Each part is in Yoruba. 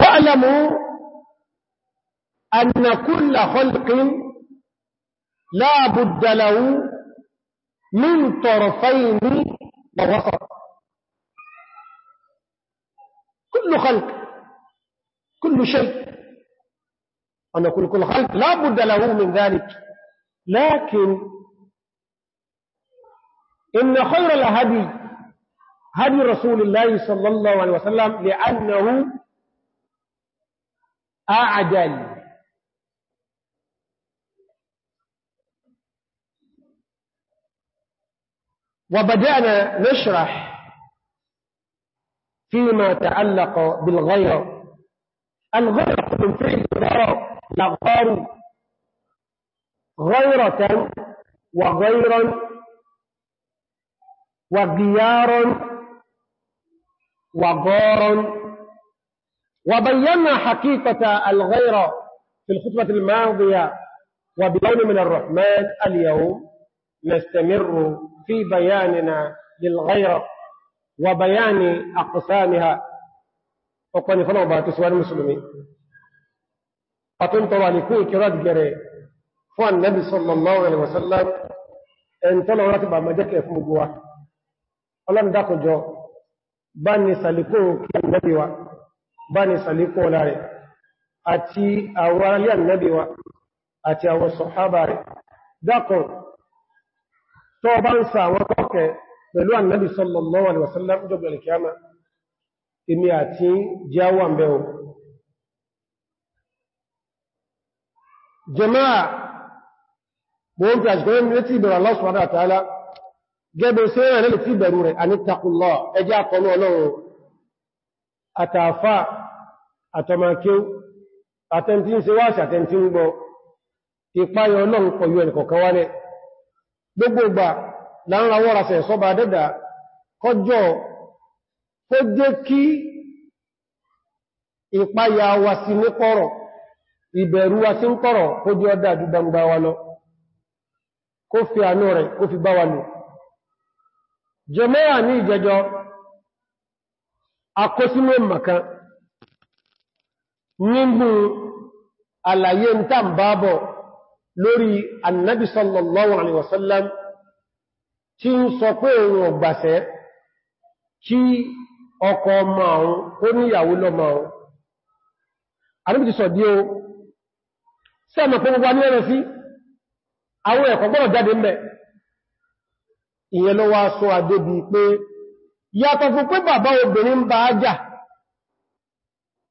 واعلموا أن كل خلق لا بد له من طرفين ووسط كل خلق كل شيء أن يكون كل خلق لا بد له من ذلك لكن إن خير الهدي هدي رسول الله صلى الله عليه وسلم لأنه أعدل وبدأنا نشرح فيما تعلق بالغير الغير من فعل غير لغار غيرة وغيرا وغيارا وغارا وبينا حقيقة الغيرة في الخطبة الماضية وبلون من الرحمن اليوم نستمر في بياننا للغيرة وبيان أقسامها وقال فنو تسوال المسلمين أتنطر لكل كراد جري فان نبي صلى الله عليه وسلم انطلعوا ركبا مجاك في مجواه ọlọ́run dákòjọ bá ní sàlìkún kí a bá ní sàlékún ọlá rẹ̀ àti àwọn aráyé ànábì wa àti àwọn sọ̀hábà rẹ̀ dákùn tó bá ń sa àwọn kọ́kẹ́ pẹ̀lú ànábì sallallahu alaihi wasallam jọ́gbẹ̀ alkiyama èmi àti jáwà ń bẹ́ọ̀ jama'a mo ń fi àṣìkò rẹ̀ tí ìbẹ̀rẹ̀ Allah subhanahu sí ẹ̀rẹ̀ tí ìbẹ̀rù rẹ̀ àní taqullah ẹjá kọlu ọlọ́run àtàfà àtọmọkéw àtẹntí ń ṣe wáṣì àtẹntí ń gbọ́ ìpáyọ ọlọ́run pọ̀lú ẹnìkọ̀kan wálẹ̀ gbogbo ìgbà láńrawọ́rasẹ̀ sọba dẹ́dà kọjọ́ tó jẹ́ kí ìpáyà wa sí ní kọ̀rọ̀ ìbẹ̀rù wa sí ń kọ̀rọ̀ kó jẹ́ ọdá àdú wa lọ kó fi àánú rẹ̀ kó fi bá wa lò jẹmọ́ra ní ìjẹjọ́ akọ́sínú mọ̀kan nínú àlàyé ń tàn bábọ̀ lórí annabi sallallahu alaihi wasallam tí ń sọ pé òun kí ọkọ ọmọ àwọn ó lọ́mọ àwọn àníbi sọ o sẹ́mọ̀ pé gbogbo ní ẹ̀rẹ̀ sí àwọn ẹ̀kọ́ gbọ́nà jáde mẹ́ ìyẹn ló wá sọ àdébì pé yàtọ̀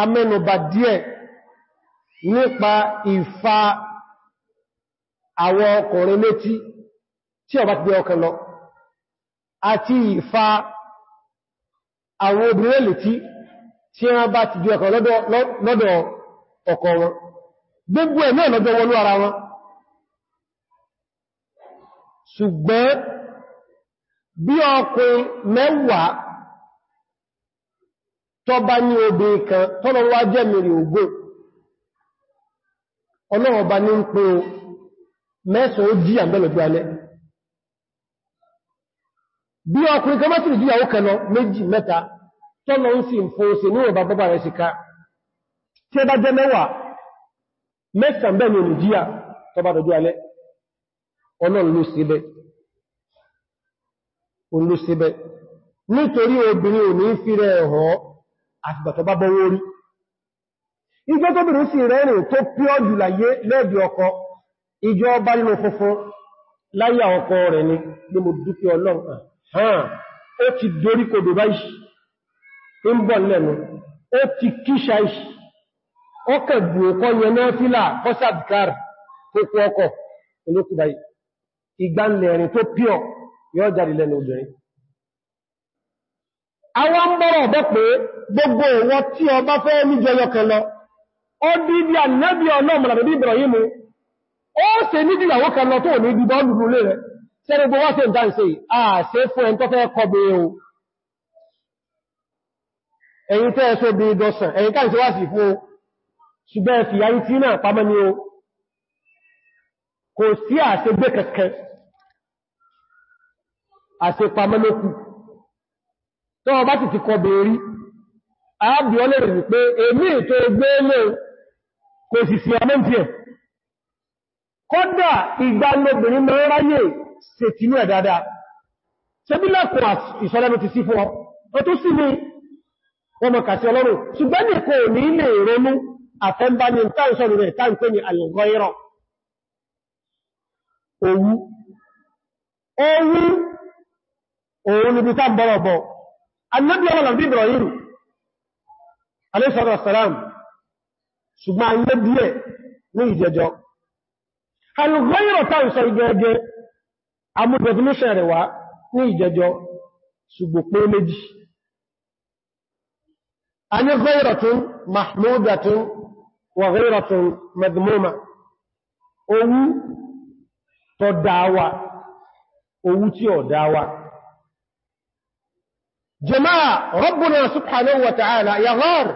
amẹ́nubà díẹ̀ nípa ìfà àwọn ọkùnrin létí tí ọba ti gbé ọkàn lọ àti ìfà àwọn obìnrin létí tí wọ́n bá ti gbé ọkàn lọ́dọ̀ ọkọ wọn gbogbo ẹ̀ náà lọ́dọ̀ wọnú ara wọn ṣùgbọ́n bí ọkùnrin mẹ́wàá tó bá ní kan tọ́lọ wá jẹ́ mèrè ògbò ọlọ́wọ́ bá ní ń pé mẹ́sàn ó jí àmẹ́lọ̀gbé alẹ́ bí ọkùnrin kan mẹ́sàn ìdíyàwó kan lọ méjì mẹ́ta tọ́lọ ń sì fòóse ní ọba bọ́bá rẹ̀ síká tí ẹ bá jẹ́ mẹ́wàá mẹ́sàn bẹ́ẹ̀ àtìgbàtọ̀ bá bọ́wọ́ orí ìjọ tó bìnrin sí rẹ̀rìn tó píọ̀ jù láyé lẹ́ẹ̀dì ọkọ ìjọ ọba nínú funfun láyà ọkọ rẹ̀ ni ní mo dúpẹ́ ọlọ́run hàn ó ti dorí kodò báyìí ń bọ̀ lẹ́nu ó ti àwọn ń bọ́rọ̀ ọ̀bọ́ pé gbogbo ìwọ tí ọ bá fẹ́ ní jẹyọ kẹlọ ó dí bí ànábí ọlọ́mọ̀lá bèbí Ibrahimu ó se ní dìyàwó kẹlọ tó ní dìbọ́ lùlù rẹ̀ sẹ́rẹ̀ gbogbo wọ́n se ń dáǹsẹ̀ àṣẹ fún ẹn tó fẹ́ kọbe o ẹ̀yin tẹ́ ẹ̀ṣọ́ bí dọ́sàn ẹ̀yin káàkiri wá tó ọba ti ti kọ bèèrí ààbì ọlẹ́rẹ̀ wípé èmì ètò ẹgbẹ́ ilé kò sì sí ọmọ tí ẹ̀ kọ́dà ìgbà lóbìnrin mẹ́ráyè sètínú ẹ̀ dáadáa sẹ́bílẹ̀kùn ìṣọ́lẹ́mù ti sí fún ọ ó tó sí ní ọmọ kàtí ọlọ́run ṣùgbọ́n ní òun níbi tá ń bọ́rọ̀ bọ̀ annabi ọlọ́rọ̀ bí ibrahim alẹ́sọ̀rọ̀sọ̀rọ̀m ṣùgbọ́n ayé díẹ̀ ní ìjẹjọ́ alùgbọ́yìnrọ̀ táwọn sọ igẹ́gẹ́ rẹ̀ wá ní ìjẹjọ́ ṣùgbọ́n pé méjì anìgbọ́yìnrọ̀tún mahmudatun owú tí ó jama'a rabbuna subhanahu wa ta'ala yaghar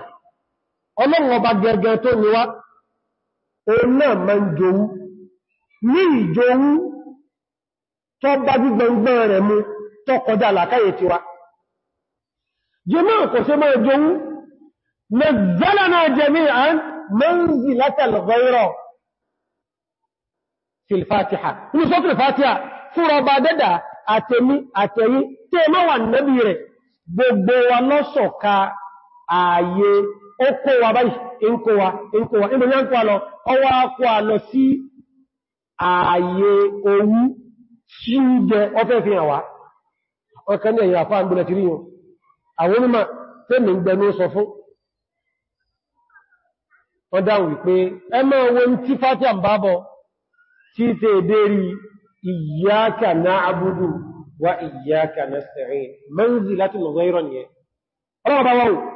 ọlọ́run ọba gẹ̀gẹ̀ tó níwá òun náà ma ń jòwú ní ìjòwú tó bá gbígbẹ̀ngbẹ̀ rẹ̀ mú tó kọjá làkáyè tiwa jama'a kò ṣe máa jòwú nazzalna jami'an manzilatal ghayra fil fatiha ọba dẹ́dà àtẹ̀mí àtẹ̀yí tẹ́ẹ̀mọ́wà nẹ́bí rẹ̀ gbogbo wa lọ́sọ̀ka ààyè ka kó wa báyìí ǹkó wa ǹkó wa níbi yán wa lọ ọwọ́ akó wa lọ sí ààyè owú tí ó jẹ ọfẹ́ fi hàn wá afọ ní ẹ̀yìn àfá àgbìnà m ríyàn àwọn onímọ̀ ń sọ fún wọ́n tí وإياك نستعين منزلة غير نيه رابا وو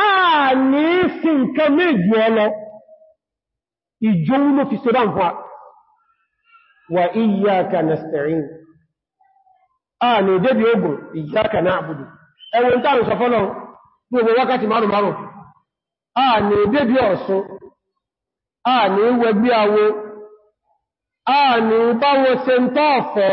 آني سنك مجيلا يجون في سبان فوا وإياك نستعين آني دبي أبو إياك نعبد أو انت عارف صفلو gbogbo wákàtí márùn márùn a ní débí ọ̀sán a ní wẹgbí awo a ní báwo se ń tọ́ ọ̀fẹ́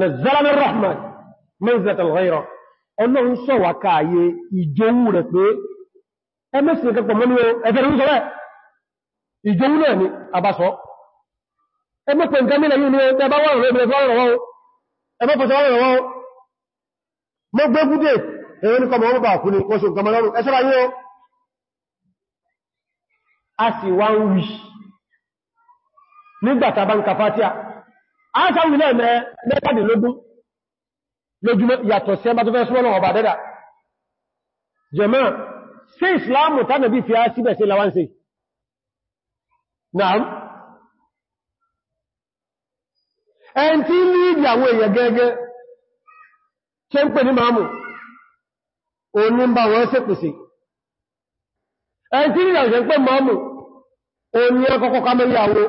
nàzàlámẹ́ rahman mẹ́sìlẹ̀tàn ọ̀rọ̀ ọlọ́run sọ̀wà káàyè ìjòwú rẹ̀ pé ẹmẹ́sìn kẹpọ̀ mọ́nú ẹgbẹ̀rẹ̀ ń sọ́rẹ̀ ìjòwú náà ni àbásọ́ ẹgbẹ́pẹ̀ nǹkan mílẹ̀ yìí ni ẹgbẹ́ wọ́n rẹ̀ mẹ́fẹ́ ọ̀rọ̀ wọ́n ẹgbẹ́pẹ̀ sọ́rọ̀ wọ́n mọ́ gbẹ́gúdé èyí ní kọmọ̀ ọmọbà kú a sì wá ń nígbàtà bá ń kàfátíà ásáwì náà mẹ́ mẹ́tàdínlógún lójúmọ́ yàtọ̀ ọba ta fi ẹn tí ní ìdí àwọn èèyàn gẹ́gẹ́ ṣe ń pè ní máàmù òní ń bá wọn ṣèpèsè ẹn tí ní ìdí àwọn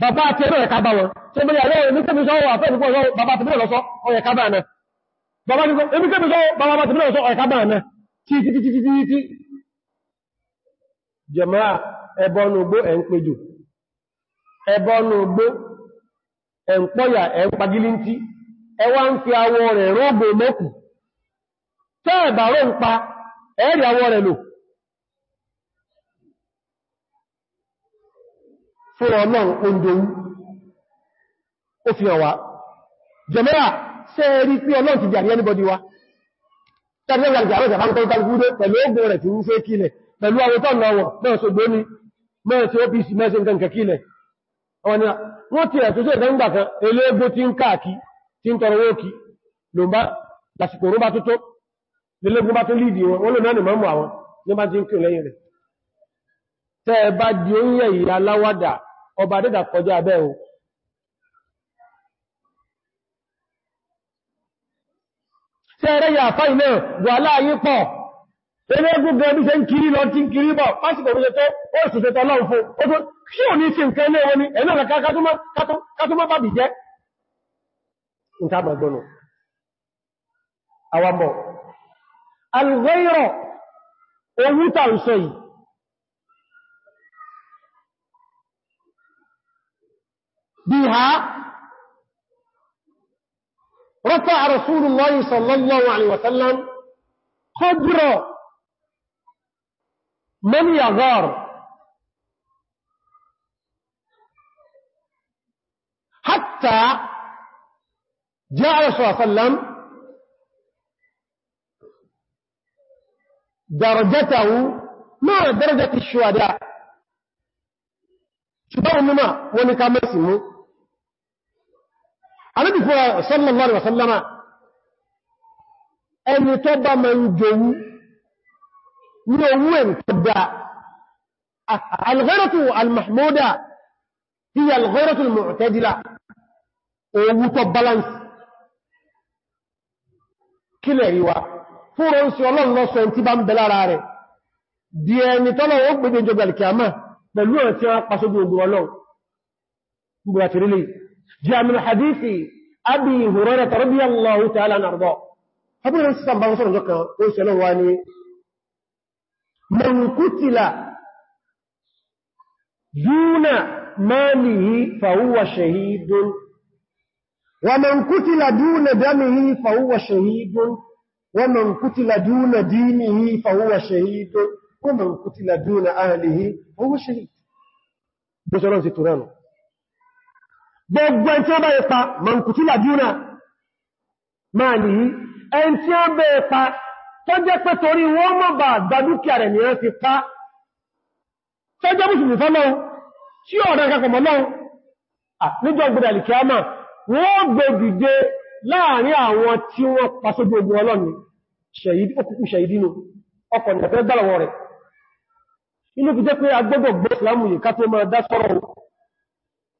bàbá àti ẹ̀rọ ẹ̀ka bá wọn tó bẹ̀rẹ̀ ẹ̀rọ ẹ̀míkẹ́mi sọ́wọ́ àfẹ́ẹ̀míkọ́ bàbá àti bẹ̀rẹ̀ lọ́sọ́ ọ̀ẹ̀ká bá ẹ̀nà bàbá ẹ̀míkẹ́mi sọ́wọ́ bàbá bá ẹ̀nà tí tí tí tí tí jẹ̀máà ẹwà ń fi rẹ̀ fún ọlọ́run oúnjẹun ó fi hàn wá jẹmọ́ra ṣe rí pé ọlọ́run ti jàrí ẹnibọ́dí wa wọ́n ti ẹ̀sùn sí ìfẹ́ǹgbà kan eléègbó tí ń káàkí tí ń tọrọ ókì ló ń bá lásìkò oró bá tó tó lélégún bá tó lìdì wọn wọ́n lè náà nìmọ̀ àwọn ní bá ti ń kí lẹ́yìn rẹ̀ tẹ́ẹ̀ bá di oúnjẹ ìyà ọba adịga kọjá abẹ́ o tí ẹrẹ́ yà fáì náà wà láàyí pọ̀ elégún gan bí ṣe ń kiri lọ tí ń kiri bọ̀ pásìkò oúnjẹ tó ó ìsùsẹ̀ tọ́lá òfo ó tó kí ò ní sí nǹkan ilé wọn ni ẹ̀nà rẹ̀ بها رفع رسول الله صلى الله عليه وسلم قبر من يغار حتى جاء صلى الله عليه وسلم درجته ما درجة الشهداء شباب النماء ونكامسهم Ànábì sallallahu alaihi wasallam ẹni tó bá ma ń jòwú ní owó ẹ̀ tó dá al-ghayratu al-mahmuda hiya al-ghayratu al-mu'tadila owó tó balance kílẹ̀ ríwá fúnra ń sí ọlọ́run lọ́sọ ẹni tí bá ń bẹ lára rẹ̀ di ẹni tọ́lọ̀ جاء من حديث أبي هريرة رضي الله تعالى نرضى أبو هريرة سيطان بابا صلى الله عليه وسلم من قتل دون ماله فهو شهيد ومن قتل دون دمه فهو شهيد ومن قتل دون دينه فهو شهيد ومن قتل دون أهله فهو شهيد بسرعة سترانه gbogbo ẹn tí ó bá ipa mọ̀kútí làdúnà máa lè yí ẹn tí ó bẹ́ ipa tó jẹ́ pé torí wọ́n mọ́ bá gbadúkìá rẹ̀ ní ẹ́n ti pa tó jẹ́ mùsùlùmí fọ́lọ́un tí ó rẹ̀ kakọ̀ mọ́lọ́un níjọ gbẹ̀dàlì kíámà wọ́n gbẹ̀dìde láàrin àwọn tí wọ́n pasójú ogun ọlọ́ni òkùnkùn ṣẹ̀yìdínú ọkọ̀ ìgbẹ̀fẹ́ gbàlọ̀wọ̀ rẹ̀ inú fi jẹ́ pé agbẹ́gbọ̀ gbọ́ ìsìlámù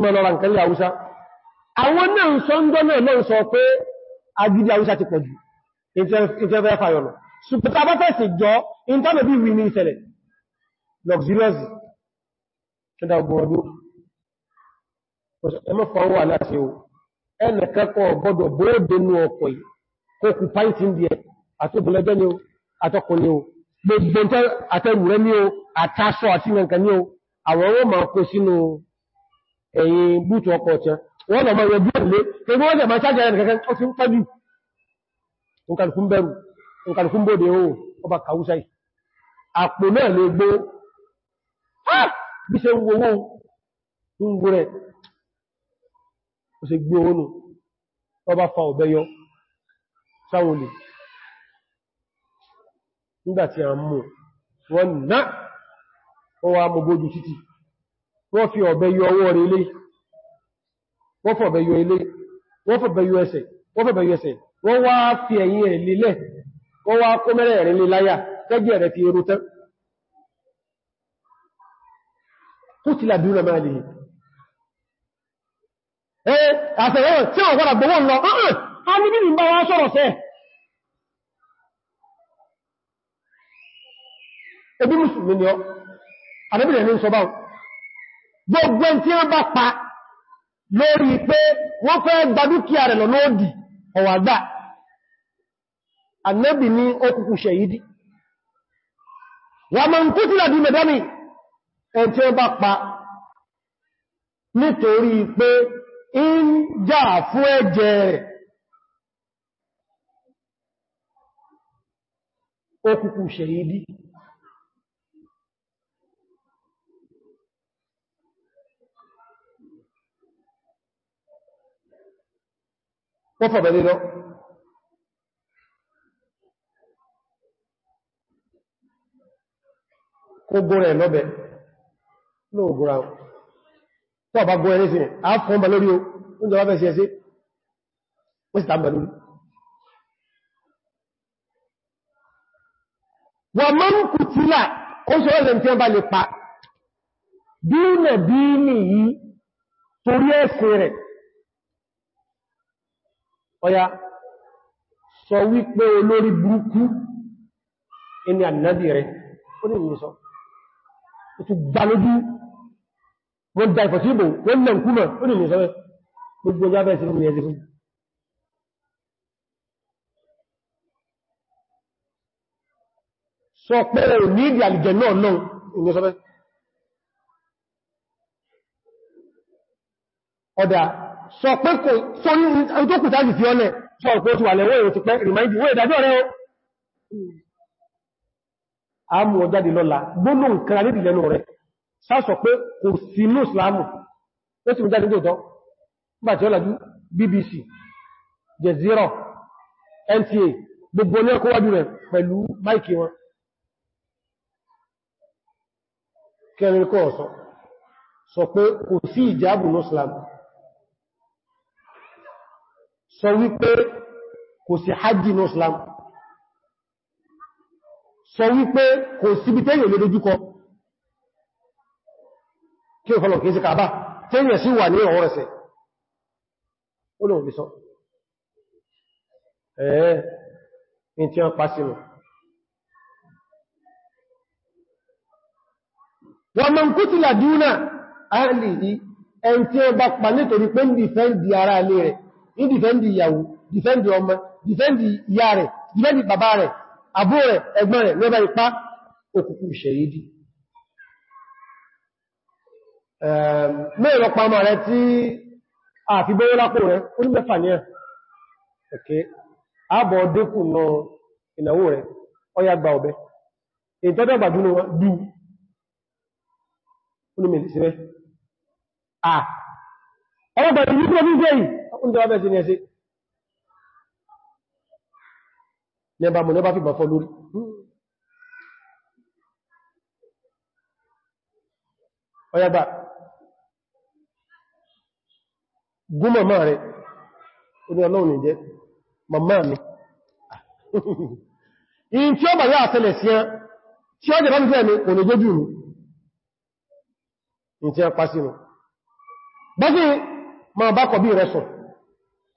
mọ́lọ́ra nǹkan ní àwúsá àwọn náà ń sọ ń gbọ́ náà lọ́n sọ pé agidi àwúsá ti pọ̀jù ìtẹ́fẹ́ fàyọ̀nà ṣùgbọ́n bá fẹ́ sì jọ ìntánàbí wí ní ìṣẹ̀lẹ̀ luxurious ṣẹ́dá ọgbọ̀n ọdún ẹmọ́ fọwọ́ aláṣẹ o ẹnì kẹ́kọ̀ọ́ gbọ́dọ̀ bóódé nú ọkọ̀ yìí kó kù àtẹrù rẹ ní o àtàṣọ àti nǹkan ní o àwọn ọmọ kó sínú ẹ̀yìn bútù ọkọ̀ ọ̀tí wọ́n lọ mọ́ yọ bí ọ̀lẹ́ ẹgbẹ́ wọ́n jẹ́ máa ṣájẹ́ ẹni kankan ó ti ń pẹ́jù nǹkanukún bẹ̀rù nǹkanukún bóde ó ọba kàúsáì àpò náà lè gbó bí ṣe ń wowó ń gbó rẹ̀ ó sì gbé ọba fa ọ̀bẹ yọ sáwọn nígbàtí à ń mú náà ó wá mọ́ títì wọ́n fi ọ̀bẹ yọ ọwọ́ rẹ̀ ilé wọ́n fọ̀bẹ yọ ilé wọ́n fọ̀bẹ yọ ẹsẹ̀ wọ́n fọ̀bẹ yọ ẹsẹ̀ wọ́n wá fi ẹ̀yìn ẹ̀ lílẹ̀ wọ́n wá kó mẹ́rẹ̀ rẹ̀ láyà tẹ́jẹ̀ rẹ̀ fi eru tán kó mùsùlùmí ni ọ́ àdébìnrin ní sọ báwọn gbogbo tí wọ́n bá pa lórí pé wọ́n fẹ́ gba dúkìá rẹ̀ lọ lóòdì ọ̀wàgbà annabi ní okùnkù ṣẹ̀yìdì wọ́n mọ̀ ń kútìlà bí mẹ́dọ́mì ẹn tí wọ́n bá pa nítorí pé ń jà fún ẹ̀jẹ̀ rẹ̀ okùnkù ṣẹ̀yìdì wọ́n fọ̀bẹ̀ lọ kó górẹ̀ lọ́bẹ̀ lóò górà tó àbá górẹ̀ ní sílẹ̀ a fún ọmọ lórí oúnjẹ wáfẹ́ sí ẹsẹ́ ó sì tàbí lórí wà mọ́ ń kù tílà ó sọ ẹ̀sẹ̀ tí wọ́n bá lè pa bí nà bí nìyí torí ẹ̀sẹ̀ rẹ̀ ọya sọ wípé olórí burúkú ẹni ànábì rẹ̀ ó ní ìyẹsọ́ ó ti gbà lójú wọ́n da ìfọ̀ sí ìbò wọ́n lẹ̀ kúmọ̀ ó ní ìyẹsọ́ rẹ̀ gbogbo ọjọ́ abẹ́ sí fún ìyẹsí fún sọ pé ò ní ìdí àlìjẹ̀ náà náà sọ pé kò sọ ní ìtókù tàbí fi ọlẹ̀ sọ pé ó ti wà lẹ́wọ́ èrò ti pẹ́ rìmáìdì wé ìdájọ́ rẹ̀ a mú ọjáde lọ́la gbónà nǹkan alébì lẹ́nu rẹ̀ sásọ pé kò sí ní ìsìlámù ó sì mú jáde tó tọ́ nígbàtí ó lajú BBC Jazeera NTA gbogbo ní ọkọ̀ wájú rẹ̀ pẹ̀lú máìkì wọn kẹrin kọ́ ọ̀sán sọ pé kò sí ìjáàbù ní ìsìlámù sọ wípé kò sí hajji ní islam sọ wípé kò síbi tẹ́yìn lè dojúkọ kí o fọ́lọ̀ kìí sí kàbá tẹ́yìn sí wà ní ọ̀rọ̀ ẹ̀sẹ̀ ó lóun bí sọ ẹ̀ẹ́ ní tí wọ́n pa sínú wọ́n mọ̀ kútìlà dúnà áàlì ẹni tí wọ́n bá pa nítorí pé ń dìfẹ́ ń di ara ilé rẹ̀ ní dìfẹ́ndì ìyàwó dìfẹ́ndì ọmọ dìfẹ́ndì ìyá rẹ̀ dìfẹ́ndì bàbá rẹ̀ àbúrò rẹ̀ ẹgbọ́n rẹ̀ lọ́bá ipá òkùnkùn ṣẹ̀yídì mẹ́rọ pàmà rẹ̀ tí a fi gbówó lápò rẹ̀ ó ní mẹ́fà ní ẹ̀ ààbọ̀ dékù nọ ìnáwó rẹ̀ ọya gba ọ̀bẹ ìtẹ́bẹ̀gbà dúnú wọn dú olùmìnirí sí rẹ̀ ń dọ́wà bẹ́ẹ̀ sí ní ẹsẹ́ nẹba mọ̀ nẹba fìbà fọ́ lórí ọyàgbà gúnmọ̀ máa rẹ̀ ó ní ọlọ́run ìjẹ́ màmá mi in tí ó bà yá àtẹlẹ̀ sí ẹn tí ó jẹ̀bá nífẹ́ mi kò ní gbójú mi in tí a pàṣínú bọ́sí ma bá kọ̀ bí rẹ̀ sùn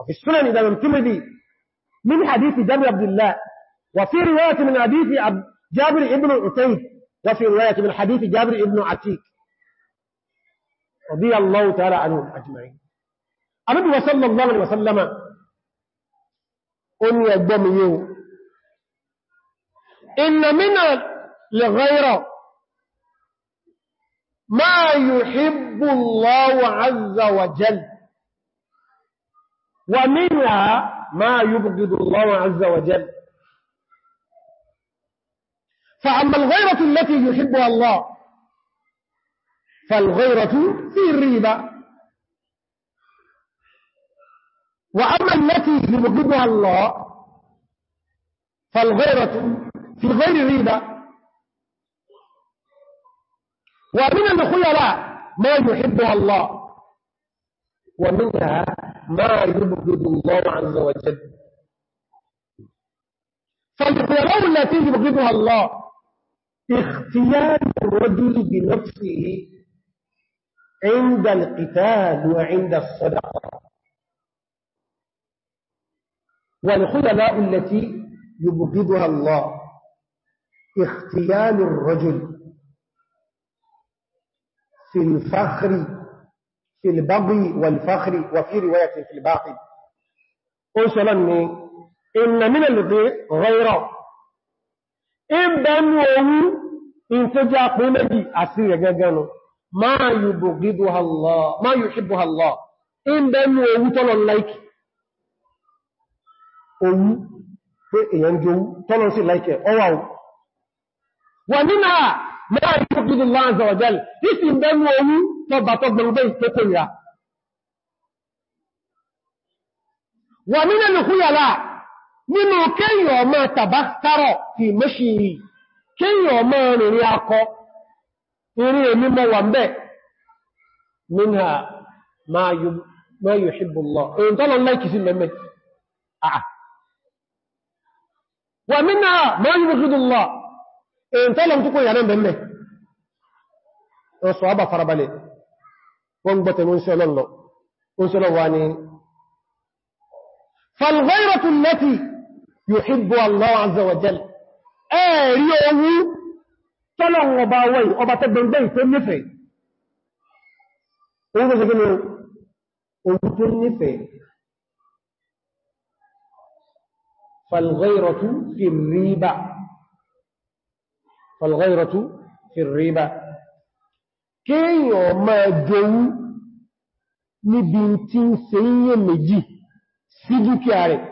وفي السنن إذا الترمذي من حديث جابر عبد الله وفي رواية من حديث جابر ابن عتيب وفي رواية من حديث جابر ابن عتيك رضي الله تعالى عنهم أجمعين أبدو صلى الله عليه وسلم أن يدمي إن من لغير ما يحب الله عز وجل ومنها ما يبغض الله عز وجل فأما الغيرة التي يحبها الله فالغيرة في الريبة وأما التي يبغضها الله فالغيرة في غير الريبة ومن الخيلاء ما يحبها الله ومنها ما يبغض الله عز وجل فالقرون التي يبغضها الله اختيار الرجل بنفسه عند القتال وعند الصدقة والخللاء التي يبغضها الله اختيال الرجل في الفخر في البغي والفخر وفي رواية في الباقي. أرسل أني إن من الضيء غيره إن بنوه إن تجا قمدي أسير جاجانو ما يبغضها الله ما يحبها الله إن بنوه تلون لايك أو ينجو تلون سي لايك أو ومنها ما يبغض الله عز وجل إسم بنوه tọba tó gbẹ̀rùgbẹ̀ ìpókò ìrà wà nílẹ̀ lùkúyàlá nínú kéyàn ọmọ tàbá tààrọ̀ kéyàn ọmọ rìnrìn akọ irin èmi mọ́ wà mẹ́ nínú èyí ma èyí tọ́lọ yà náà mẹ́mẹ́ wọ́n gbọ́tẹ̀ mún sí ọlọ́lọ́ ń sọ́lọ́ wa ni falghayratu allati yuhibbu Allah azza wa jal ẹ̀rí owú tọ́lọ̀ ọba wọ́n ọba tẹ́gbẹ̀gbẹ̀ ìfẹ́ nífẹ̀ẹ́ owó tó gínú owó kéèyàn máa jowú níbi tí ń ṣe iye méjì sí dúkìá rẹ̀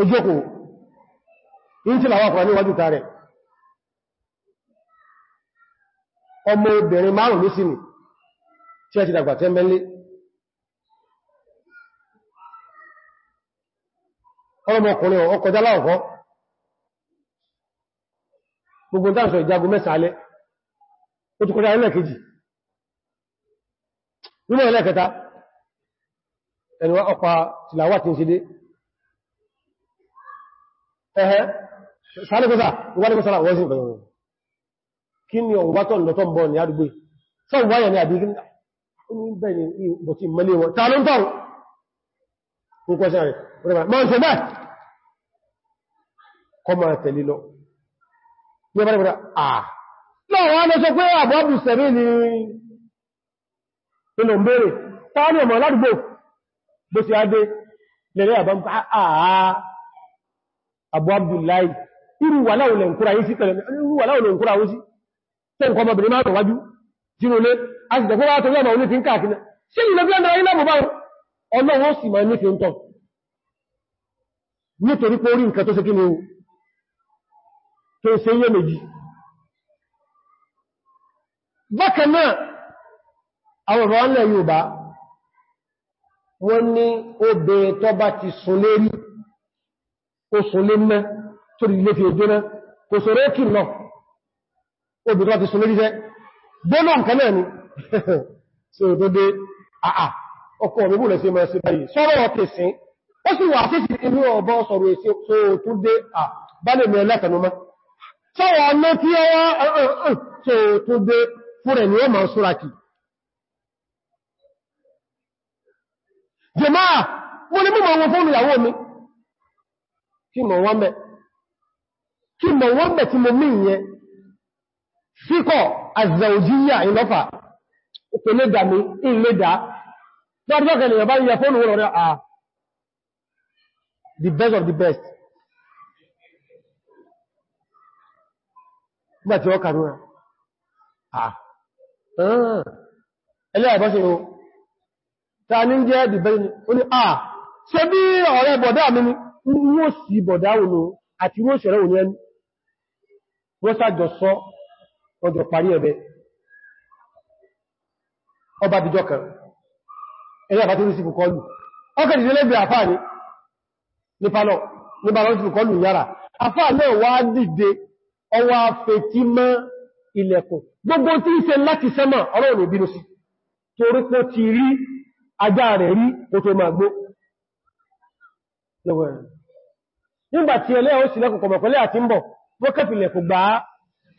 ojoko in tí làwọn ọkùnrin ta rẹ̀ ọmọ obìnrin márùn-ún ló tí ọlọ́mọkùnrin ọkọ̀dá láọ̀kọ́ gbogbo dáǹsọ ìjagun mẹ́sàn alẹ́ ó ti kọjá ẹlẹ́kejì nínú ẹlẹ́kẹta ẹniwá ọpa tìlàwà tí ń ṣe dé ẹ̀hẹ́ sálẹ́kọ́sà ìwádẹ́kọ́sára wọ́n sí ìpẹ̀lẹ̀ kí ni kọ máa tẹ̀lé lọ ní ọmọdé pẹ̀lú àà lọ́wọ́ wọ́n lọ sọ pé àbọ́bù sẹ̀rí ni inú mbèrè tàà ní ọmọ aládùgbò bó ti adé lẹ́rẹ́ àbọ́bù láì irú wà láwọn ẹ̀nkúra yìí sí tẹ̀lẹ̀ ọlọ́wọ́ sì máa nífẹ̀ẹ́ ń tọ́ nítorí pé orí nǹkan tó ṣe kí ni tó ṣe yẹ méjì bákan náà àwọn ọ̀rọ̀ ọ̀lẹ̀ Yorùbá wọ́n ní obè tó bá ti sùn lérí kò sùn lé mẹ́ tó rí lé fi èdè náà kò sọ̀rọ̀ òkì lọ obè tó bá ti sùn lérí fẹ́ gbọ́nà nǹkan náà ni sí ò tó dé àà ọkọ̀ mi tọ́wọ́ ọmọ tí ó wá tó tó gbé fún rẹ̀ ni ó máa súrakì. jẹmá mo ní mọ́ wọn fóònù ìyàwó mi kí mọ̀ wọ́n mẹ́ kí mọ̀ wọ́n mẹ́ tí mo mìí yẹn síkọ̀ àzàòjíyà ìlọ́fà ìpínlẹ̀dà mi ìlédà lọ́dọ́kẹ̀lẹ̀ the best of the best gbàtí ọ kàrúra ẹlẹ́ àbọ́sí o ta ní jẹ́ dìbẹ́ ni o ní àà ṣe bí ọ̀rẹ́ bọ̀dá mi ni wọ́n sì bọ̀dá òun àti wọ́n ṣẹ̀rẹ̀ òun ẹni wọ́n sàjọ sọ ọjọ́ parí ẹ̀bẹ̀ ọba dìjọ kan ẹlẹ́ àbá tó ní síkù kọlù ọkẹ̀ ìdílẹ́gbẹ̀ àfáà ní nípa lọ nípa lọ síkù kọlù yára àfáà náà wá dìde ọwọ́ afẹ́tí mọ́ ilẹ̀kùn gbogbo tí ń ṣe láti sẹ́mà ọlọ́run òbínú sí torí pé ti rí ajá rẹ̀ rí kò tó máa gbó nígbàtí ẹlẹ́ ó sì lẹ́kùn kọmọ̀ pẹ̀lẹ́ àti ń bọ̀ wọ́n kẹfìlẹ̀ kò gbà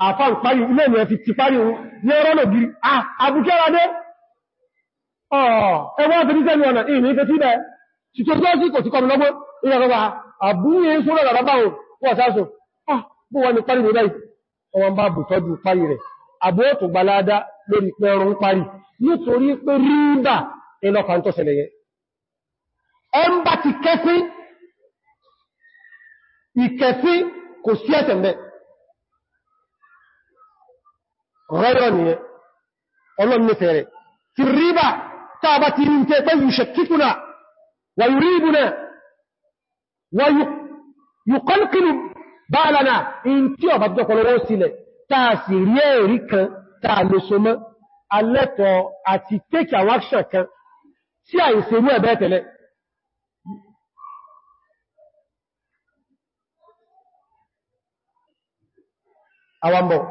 á àfá ń parí ilé ìrìn fi ti parí ohun ní ọ̀rọ̀ lò gírí àbúkẹ́radé ẹwọ́n àfẹ́díṣẹ́ ní ọ̀nà ìrìn ìfẹ́ bó wọn ni parí rẹ̀ wọn bá bù tọ́jú parí rẹ̀ àbóòtò gbalada lórí pé ọrùn parí nítorí pé ríńdà ẹlọ́pàá tó ṣẹlẹ̀ yẹ ẹn bá ti kẹfí ìkẹfí kò sí ẹ̀tẹ̀ mẹ́ báàlànà in tí ọ̀bá tó kọlọ́wọ́ sílẹ̀ táà sì rí ẹ̀rí kan táà lè so mọ́ alẹ́tọ̀ àti take àwọn action kan tí à ìṣerú ẹ̀bẹ́ tẹ̀lẹ̀ àwambọ̀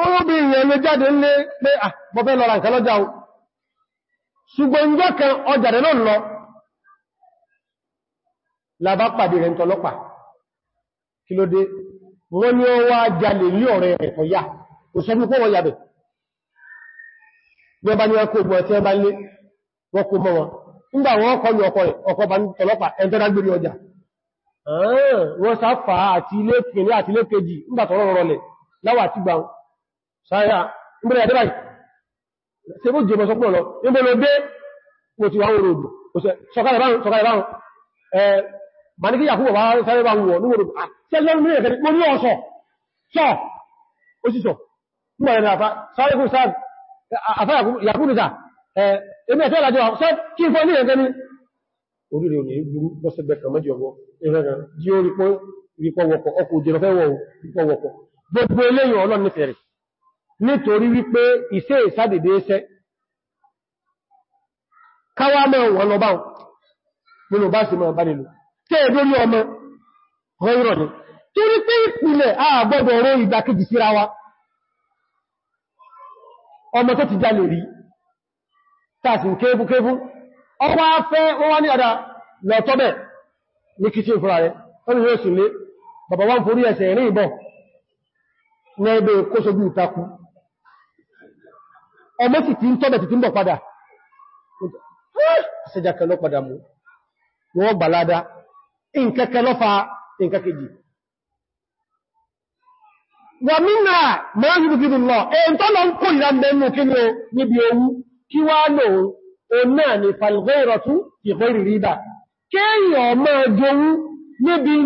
orúbí ìyẹn ló jáde ń lé pé àpọ̀fẹ́ ah, lọ́ra nǹkan lọ́jà ṣùgbọ́n ìjọ́ kan ọjà náà lọ labá pàdé rẹ̀ tọ́lọ́pàá kí ló dé wọ́n ni ó wá jalè ní ọ̀rẹ́ rẹ̀ tọ́ yá kò sọ mú kówọ́ yàbẹ̀ bí ọba ní ọkọ̀ ìgbọ̀ tí ọba lé wọ́n kó mọ́ wọn nígbà wọ́n kọ́ ní ọkọ̀ rẹ̀ ọkọ̀ bá ní tọ́lọ́pàá ẹn tó dágbére ọjà ma ní kí yàkúbà wá sáré bá wùwọ̀ níwòrò àtẹ́lọ́rù mílẹ̀ ẹ̀kẹ́ mo ní ọ̀sọ̀ sọ ó sì sọ nígbà ẹ̀rẹ̀ àfá sáré kú sáà àfá yàkúbù nìta ẹ̀mí ẹ̀tẹ́ ìlàjọ sọ kí fọ́ ní ẹ̀kẹ́ ní orílẹ̀ òní burú lọ́sẹ̀gbẹ̀ kan mẹ́jọ ọgbọ́ ìrẹ́rẹ̀ jí ó rípọ́ rípọ́ wọ̀pọ̀ ọkọ̀ òjèrè fẹ́ wọ̀ rípọ́ wọ̀pọ̀ gbogbo eléyìn ọlọ́run nífẹ̀ẹ́ rẹ̀ nítorí wípé ìṣe ìsádìdé ẹsẹ́ káwàá mẹ́wọ̀n lọ báwọn nínú bá sì mọ̀ bá nílùú tẹ́ ẹ̀dórí ọmọ rọ́rọ̀ ni torí pé ìpìlẹ̀ àgbọ́dọ̀ ọ̀rọ̀ ìdàkejì síra wa ọmọ tó ti jalè rí tààsì kéèbùkéèbù ọwọ́ afẹ́ wọ́n ní àdá lọ́tọ́bẹ̀ ní kìtì fúnra rẹ̀ wọ́n ni lọ wọ́n gbàládá ìǹkẹ́kẹ́ lọ́fà ìǹkẹ́kẹ́jì wà mínà máa yìí bukí dùn lọ èyí tó lọ ń kó ìlà mẹ́nu kí ni o níbi owú kí wá lò ó náà ni falghairatu fi ghairi riba kéèyàn ọmọ ọdún mẹ́rin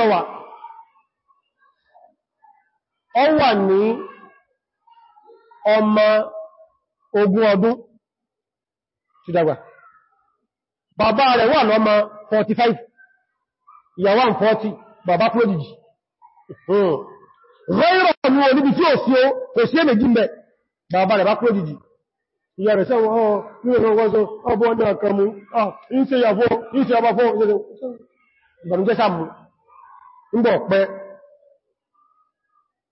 lọ wà ọ wà ní ọmọ ogún ọdún ti dàgbà bàbá rẹ̀ wà 45 ìyàwó 40 bàbá prodigy hmm. rẹ́rọ̀ ní oníbi tí ó sí ó kò sí èmì bàbá rẹ̀ bá prodigy ìyà rẹ̀ sẹ́wọ̀n ọ́ nílò wọ́sọ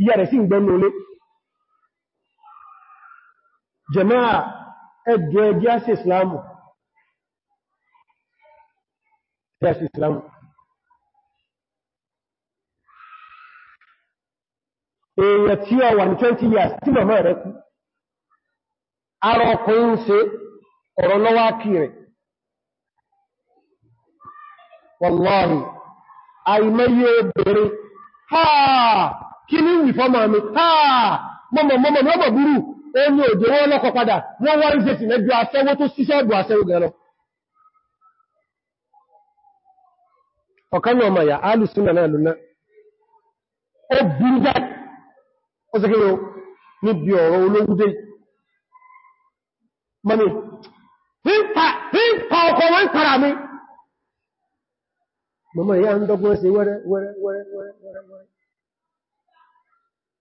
ìyá rẹ̀ sí ìgbẹ̀mù olé jẹmáà ẹgbẹ́ ẹgbẹ́ àṣì islamu èèyàn tí ó wà ní 20 years tí màmá rẹ̀ kú ara ọkùnrin ṣe ọ̀rọ̀ lọ́wọ́ kí rẹ̀ wallahi àìmẹ́yẹ obìnrin haa kí ah! ní wì fọ́mà mi mọ́mọ̀mọ́mọ̀ ní ọmọ burú omi òjò wọ́n lọ́kọ̀ padà wọ́n wá ń jẹ́ sí lẹ́jọ́ aṣẹ́wó tó síṣẹ́ ọ̀dọ̀ aṣẹ́wó gẹ̀rọ ọ̀kan ọmọ ń dọ́gbọ́n sí wẹ́rẹ́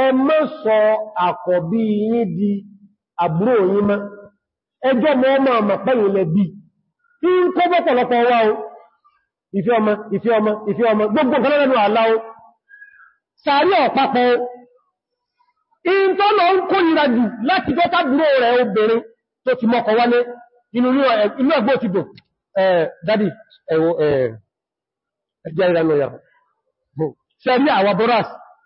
ẹ má sọ àkọ̀bí yín di àbúrò yín mọ́ ẹjọ́ mọ́ ọmọ ọmọ pẹ̀lú lẹ́bí tí ń kọ́ bọ́pọ̀lọpọ̀ wá o ìfẹ́ ọmọ ìfẹ́ ọmọ ìfẹ́ ọmọ gbogbo gọ́lẹ́lẹ́nu àlá o sàárì ọ̀pápọ̀ o ìntọ́nà ń kó nira jù láti gọ́ta búrò rẹ̀ obìnrin tó ti mọ́kọ wálé inú eh, eh, eh, sẹ́rí àwà bọ́rásì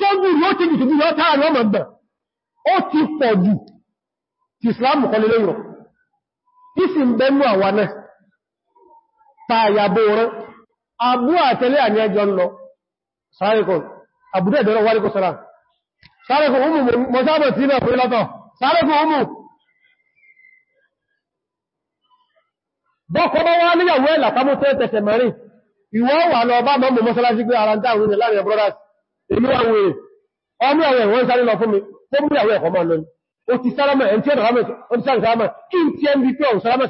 tó gúrú ó ti jù tìbí lọ́ta àrí ọmọ ìgbà ó ti pọ̀ jù ti Islam kọ́ lélẹ́ ìrọ̀ ìsìn bẹ́nu àwa náà tààyàbò rán abú àtẹ́lẹ́ àní ẹjọ́ lọ sárékọ̀ àbúdẹ́ ìdọ́rọ̀ wálékò sára sárékọ̀ umu mọ́sábọ̀ tí náà fún ilọ́tọ̀ sárékọ̀ umu bọ́kọ́ bá wá níyàwó ẹ̀lá kámọ́ tẹ́ẹ̀tẹ̀ẹ̀ mẹ́rin ìwọ́ wà lọ bá mọ́ mọ́ mọ́sálásí pé ara ń brothers èmi àwọn èrè ọmọ àwọn ẹ̀wọ̀n sáré lọ fún mi wọ́n mú àwọn ẹ̀kọ́ mọ́ lónìí o ti sáramọ̀ ẹ̀ tí ó dàrámọ̀ o ti sáramọ̀ kí n tí mvp ọ̀hún sáramọ̀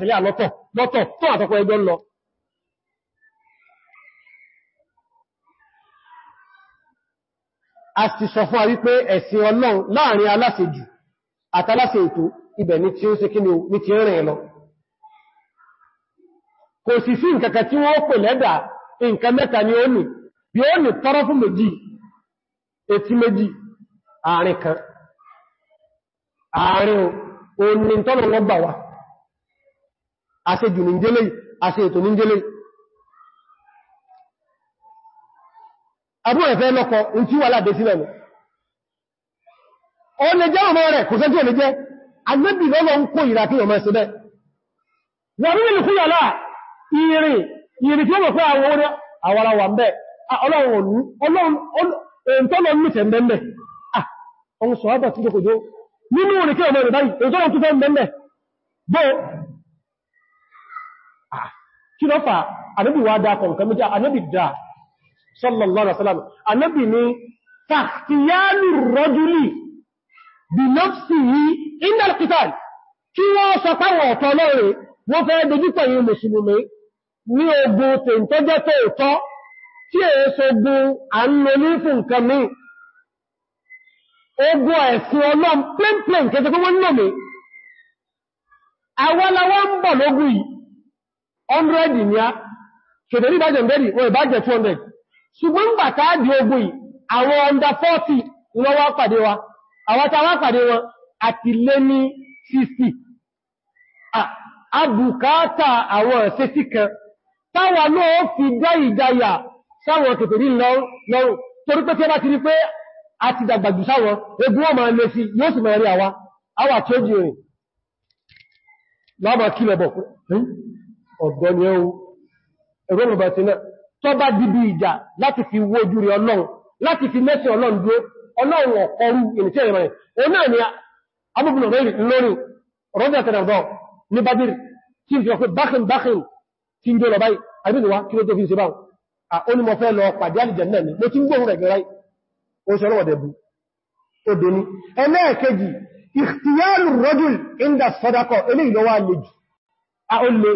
a ti sọ fún wa wípé ẹ̀sìn ọlọ́run láàrin aláṣejù àtàláṣe ètò ibẹ̀ ni tí ó ṣe kí ni ti rìn lọ kò sì sí nǹkankan tí wọ́n pè lẹ́dà nǹkan mẹ́ta ni ó nì bí ó nì tọ́rọ fún méjì etí méjì àárín kan àárín òní tọ́nà wọ́n gbà wá àṣẹ jù ní jẹ́lẹ̀ àṣẹ ètò ní jẹ́lẹ̀ abúrẹ̀ fẹ́ lọ́kọ̀ ní tí wà láàdé sílẹ̀ mọ̀ ó lè jẹ́ ọmọ rẹ̀ kò sẹ́jú ò lè jẹ́ agbébì lọ́lọ́ ń kó ìrà èyí tó lọ nífẹ̀ẹ́ mẹ́mẹ́ ah, àwọn sọ̀hábà tí ó kòjó nínú òrìkẹ́ ọmọ rẹ̀ báyìí èyí tó lọ tún fẹ́ mẹ́mẹ́ bó ah, kí lọ fà ànábì wá dáa kọ̀ọ̀kan méjì ànábì dáa sallallahu alaihi wasallam ànábì ni fàkìyánù rọ́júlì bí nafsihi inda al-qital kí wọ́n sọ páwọn ọ̀tọ̀ lọ́rẹ̀ wọ́n fẹ́ dojúkọ̀ yìí mùsùlùmí ní ogun tèntọ́jẹ́ tó tọ́ tí èé sógún àlòní fún nǹkan mí ogun ẹ̀sìn ọlọ́m plẹ́mplẹ́m kẹta tó wọ́n náà mi awọ́lawọ́ ń bọ̀ lógún yìí 100 ní á kèdè ní ìbájẹ̀ mẹ́rì wọ́n ìbájẹ̀ 200 ṣùgbọ́n ń ogun yìí under 40 lọ́wọ́ wa àwọn pàdé wọn àti lé ní àwọn ẹ̀sẹ̀ sí kan táwà náà fi dá ìdáyà sáwọn kèfèrí lọ́rùn torí pé tí a bá ti rí pé a ti dàgbàjù sáwọn egun ọmọ ilé sí yóò sì mẹ́rin àwa àwà tí ó jì rìn lọ́mọ kí lẹ́bọ̀ ọ̀gbọ́n ni ẹ̀hùn ẹ̀rọ mọ̀bà ti náà tọ́ bá dìbì ìjà láti fi wójú rí ọlọ́run láti ni abúgbùn lórí rọ́jà tẹ̀lẹ̀dọ́ ní bábírí tí ń fi ọkọ̀ bákìn bákìn tí ń jẹ́ lọ báyìí àbínúwá kí ló tó onímọ̀fẹ́ lọ pàdé àlìjẹ̀nà ni mo ti ń gbóhùn rẹ̀ gẹ̀rẹ́ oṣèrọ̀wọ̀dẹ̀bù odò ni ẹlẹ́ẹ̀kejì ìhtiyarù rọ́jùl inda sọ́dákọ̀ ilé ìlọ́wà lejù a ó lè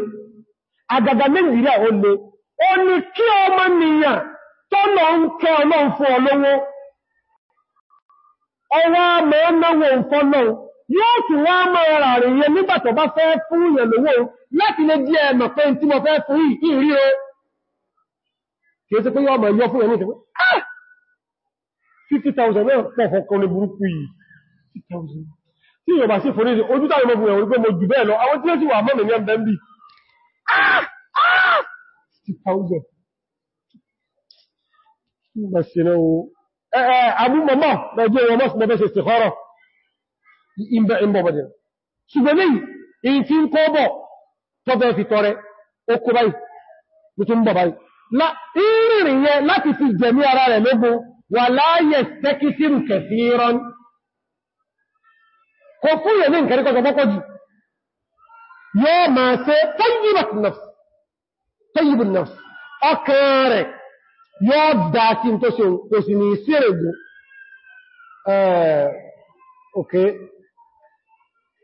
àgàgà nàìjíríà ó lè ó ní kí ọmọ nìyàn tó lọ ń kẹ ọlọ́run fún ọlọ́wọ́ ọwọ́ mẹ́ẹ̀mẹ́wọ̀ fọ́lọ́ yóò tún wá mọ́ ara rẹ̀ lè díẹ̀ kìí sí pé yọ́ mọ̀ yọ fún ẹni ìtẹ̀wé 50,000 náà pọ̀ fọ́kọ́ ní burúkú yìí 50,000 tí yọ bá sí fún ní ojú táwọn ọmọ ìwọ̀n wípé mo jù bẹ́ẹ̀ lọ àwọn tí ó sì wà mọ́mí ní ọmọdé bí 60,000 nígbà sí náà o abúmọ̀mọ́ lọ́jọ́ ìwọ̀n mọ́ sí mọ́ bẹ́ẹ̀ sí ọ̀rọ̀ ìbọ̀bọ̀dẹ̀ ṣùgbọ́n lẹ́yìn èyí tí ń kọ́ bọ̀ tọ́bẹ̀ẹ́ fi tọrẹ ó kó báyìí ìrìnrìn yẹn láti fi jẹ̀mí ara rẹ̀ lógún wà láàyẹ̀ tẹ́kítìrù kẹfì rán kò fún yẹ̀ ní ìkẹrẹ́kọ́ pọ́pọ́ jù yóò máa ṣe tẹ́yìbù náà ọkàn rẹ̀ yóò dá sí tó ṣe sì ní sí ẹ̀gbùn okay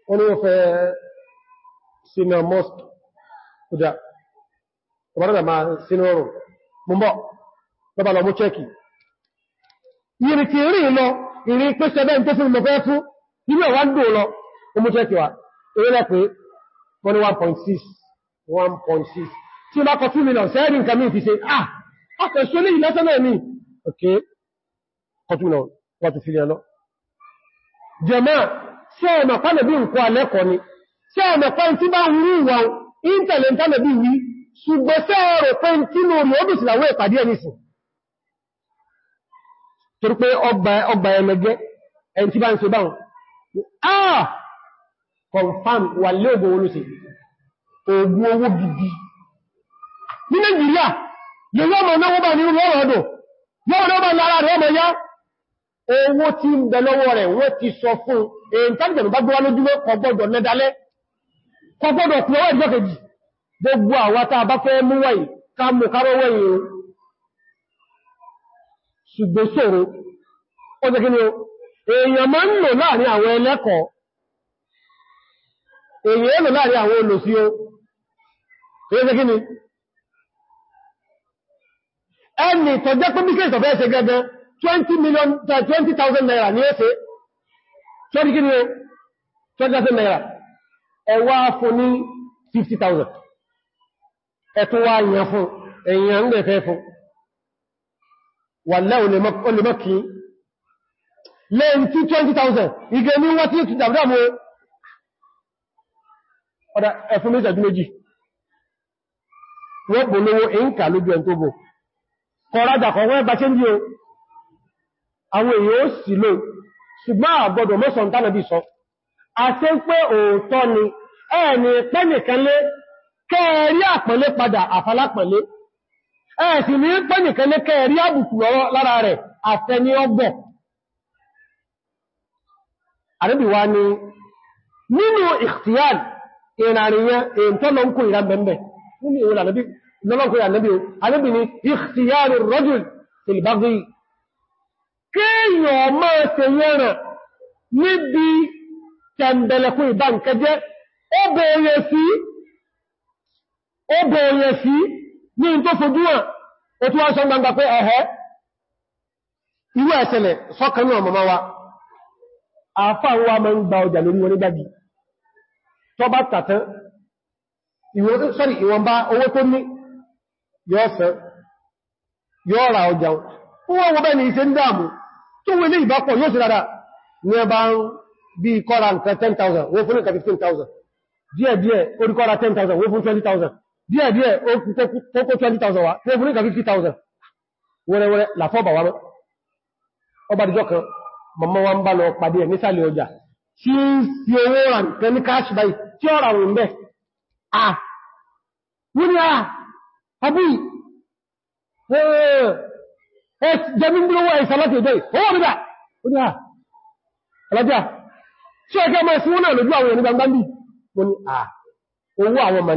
wọ́n ni wọ́n ọ̀bọ̀rọ̀dà máa sínú ọrùn múmbọ̀ lọ́bà lọ mú chẹ́kì yìí ti rí lọ ìrìn pé sẹ́bẹ́ tó fún mọ̀fẹ́ fún ilé wà ń dò lọ ó mú chẹ́kì wá eré pé 1.6 1.6 tí ó bá kọ 2 million sẹ́ẹ̀rì nǹkan mí fi ṣe ah akẹ̀ṣọ́ lè lọ́sẹ́ náà ní ok kọ 2 million wọ́n ti fi lẹ́ lọ jẹ̀mọ́ sẹ́ẹ̀mọ̀ pálẹ̀bí nǹkan alẹ́kọ̀ọ́ ni sẹ́ẹ̀mọ̀ pálẹ̀ tí bá wúrú ìwà ìntẹ̀lẹ̀ ìntẹ̀lẹ̀ bí wí ṣùgbọ́sẹ́ ọ̀rọ̀ pé tí ní orí ọdún ìsìláwó ìpàdé ẹni sí torí pé ọgbà ẹmẹgẹ́ ẹni tí bá ń ṣe báhùn ah confam wà lé ògbò olóṣè ògbò owó gidi ní Nàìjíríà yóò mọ̀ náwó bá nínú lọ́rọ̀ọ́dọ̀ yóò náà bá lára rẹ̀ ọmọ yá owó tí ń bẹ lọ́wọ́ rẹ̀ wọ́n ti sọ fún èyí tàbí jẹ̀rù bá gbọ́wà lójúmọ́ kọgbọ́dọ̀ nẹ́dalẹ́ kọgbọ́dọ̀ kúrọwọ́ ìjọ́kejì gbogbo àwọn tàà bá fẹ́ mú wáyìí ká mú kárọ o ṣùgbọ́n ó o èèyàn máa ń lò láàrin àwọn ẹlẹ́kọ̀ọ́ èèyàn lò láàrin àwọn o ó kí ni ẹni tọ́jẹ́ pé naira o 20,000 naira ẹwà fún ní 50,000 ẹ̀tún wá yẹn fún èyàn ń gbẹ̀fẹ́ fún wà le olèmọ́kí lẹ́yìn tí 20,000 igẹ̀ ní wọ́n tí ó ti dàbdà mú ọ̀dá ẹ̀fún méjì wọ́n bò lówó èyíkà lójú ẹn tó bò o si sugba agbọdọ sọ lé kẹ́ẹ̀rí àpẹẹlé padà àfalápẹ̀lé ẹ̀sì ní pẹ́nìkẹ́lé kẹ́ẹ̀rí àbùkù ọ̀rọ̀ lára rẹ̀ àfẹni ọgbẹ̀ àríbìwá ni nínú ìkhtiyar ìrìnàríyàn èyí tọ́lọ ń kó ìrà bẹ̀m̀bẹ̀ nínú ìwòlà níbi tẹ̀m̀bẹ̀lẹ̀kùn ìbá nkẹjẹ́ ó bèèrè sí ó bẹ̀rẹ̀ sí ní tó fojú hàn ó tún wá sọ gbangba pé ẹ̀hẹ́ irú ẹ̀sẹ̀lẹ̀ sọ́kanú ọmọmọ wa àáfà wa máa ń gba ọjà lórí wọn nígbàgbì tó bá tàtán ìwọ̀nba ni bí kọ́ra 10,000 wó fún 15,000 orí kọ́ra 10,000 wó fún 20,000 díẹ̀ díẹ̀ ó kú kókó 20,000 wá tí ó búrú ìkà 50,000 wẹ́rẹ́wẹ́rẹ́ làfọ́bà wá ọba dìjọ́ kan mọ̀mọ́ wa ń bá lọ pàdé ẹ̀ nísàlẹ̀ ọjà tí ń fi owó rà nǹkan ní káàṣì báyìí tí ó rà rùn bẹ́ ni à àbí jẹ́mí gbúrówó ẹ̀sà láti ọjọ́ yìí ó wà nígbà ó ní à alájá tí ọjọ́ mọ́ sí wọ́n náà lójú àwọn ènìyàn gbangba bí wọ́n ni à owó àwọn mọ̀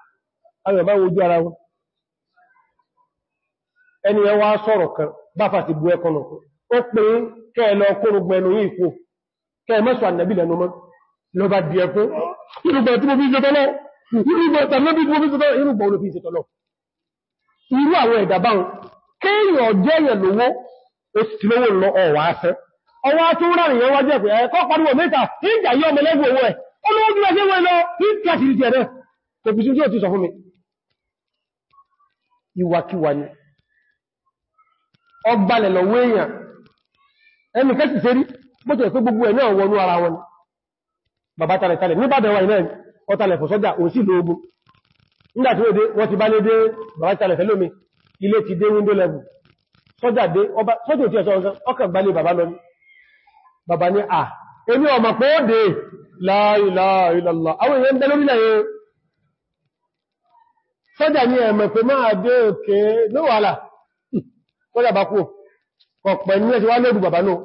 àwọn ọba ojú ara wọn ẹni ẹwà sọ̀rọ̀ kan bá fàti bú ẹkọ̀nà ó pè ń kẹ́ẹ̀lọ kórógbọ ẹnu yìí kò kẹ́ẹ̀mọ́sù ànàbí lẹ́nu mọ́ lọ bá di ẹkún irúgbọ̀ tí mo fi ṣetọ́lọ́ irúgbọ̀ olófin ṣetọ́lọ́ irú àwọn ẹ̀dàbáhùn kéèyàn jẹ́ èèyàn lówó ó sì lówó lọ ọ̀wà afẹ́ ọwọ́ tó ń rárìn yẹn tí ó ti sọ fún mi ìwàkíwà ni ọgbàlẹ̀ lọ́wọ́ èèyàn ẹni kẹ́sì ṣe rí bó tẹ̀ pé gbogbo ẹ̀ náà wọnú ara wọn bàbá tààlẹ̀ tààlẹ̀ ní bàbá ìwà ìnáà ọtàlẹ̀ fọ̀sọ́jà ò sí lóògùn nígbàtí wọ́n ti bá lé dé bàbá tààlẹ̀ fẹ́lómi ilé ti dé window level sọ́jà dé sọ́jà tí ẹ̀sọ́ ọkàn ilaha illallah àwọn èèyàn bẹ́ sọ́jà ní ẹ̀mọ̀ pé máa dé òkè lówàlá sọ́jà bá kú ọ̀pẹ̀ ní ẹ̀ṣẹ́ wá lóòdù bàbá náà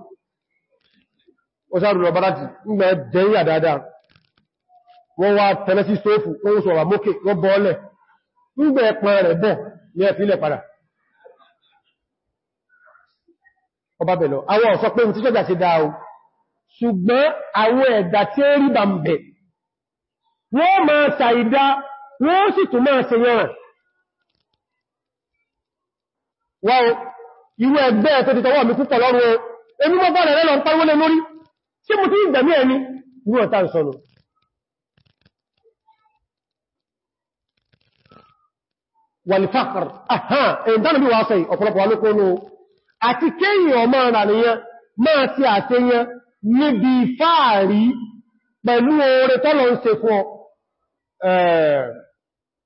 ó sáàrù lọ bára ti ńgbẹ̀ jẹ́yà dáadáa wọ́n wá tẹ́lẹ̀ sí sóòfù oún sọ̀rọ̀ mókè wọ́n bọ́ọ̀lẹ̀ ńgbẹ̀ pẹ̀ rẹ̀ bọ̀ ní ẹ̀fílẹ̀ padà ọba bẹ̀lọ àwọn ọ̀sọ́ pé tí sọ́jà ṣe dáa o ṣùgbọ́n àwọn ẹ̀dà tí ó rí bàmbẹ̀ wọ́n máa ṣàìdá wọ́n sì tún máa ṣe yẹn wọ́n irú ẹgbẹ́ tó ti tọwọ́ mi púpọ̀ lọ́rùn o èmi mọ́ bọ́ọ̀lẹ̀ rẹ̀ lọ ń pariwo lé lórí tí mo ti ìgbẹ̀mí ẹni ní ọ̀tá ìsọ̀nù wàlìfàkàr àhán ẹ̀dánà bí wà sọ ọ̀pọ̀lọpọ̀ alókónú àti kéyìn ọmọ ara nìyàn máa ti àtẹyàn níbi fáàrí pẹ̀lú oore tọ́lọ ń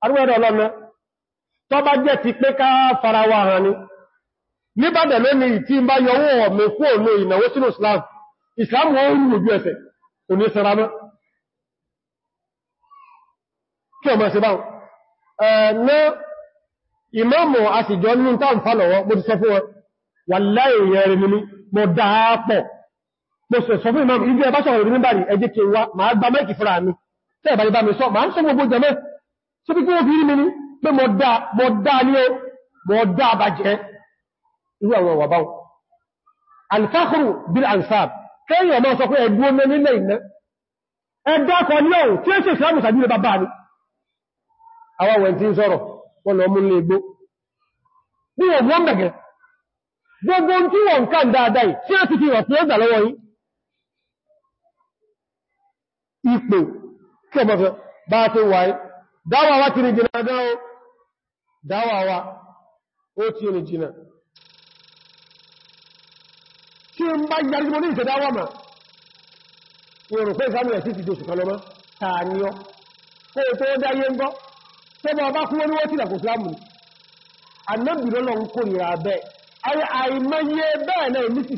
arúgbẹ́dọ̀ ọlọ́mọ tó bá jẹ́ ti pé ká fara wa hàn ní níbàdẹ̀ lónìí tí ń bá yọwọ́ ọ̀mẹ́ kú òlò ìnáwó sínú Islam Islam wọ́n rú ojú ẹsẹ̀ òní sẹ́ramọ́ kí ọmọ sí báwọn ẹ̀nà ìmáàmù àṣìjọ ní tàà ń fà lọ́wọ́ mo ti sọ fún wọn wà láìyẹ rẹ̀ nínú mo dáápọ̀ mo sọ sọ fún ìmáàmù ibi ẹbá sọ̀rọ̀ nígbàrí ẹjẹ́ kí wá máa gbá mẹ́kì fúnra mi tẹ́ẹ̀bá ní bá mi sọ máa ń tó bí wọ́n fi rí mi ní pé mọ̀ dáa ní ó mọ̀ dáa bá jẹ́ irú àwọn ọ̀wà báwọn alfáhùrù bil ansab kẹ́yìn ọmọ sọ pé ẹgbú omi nílẹ̀ iná ẹgbẹ́ ọkọ̀ ní ọ̀hún tí ó ṣe ìsìlámù sàbílẹ̀ bàbá ni àwọn ọ̀wẹ̀ tí ń sọ̀rọ̀ tí wọ́n kàn dáadáa tí ó ti fi rọ̀ tí ó gbà lọ́wọ́ yìí ipò kí ọmọ sọ bá ti wáyé dáwà wá ti rìn jìnà dáwà dáwà wá ó ti rìn jìnà tí ó ń bá yàrí mọ́ ní ìṣẹ́ dáwà mà ìrùn pé ìsámi ẹ̀sí ti jòsù kalọ́mọ́ tààníọ́ kó tó dáyé ń gọ́ tó bá bá kúwọ́ níwọ́ sílẹ̀ kò flámù anábìrọ́lọ́ ní ti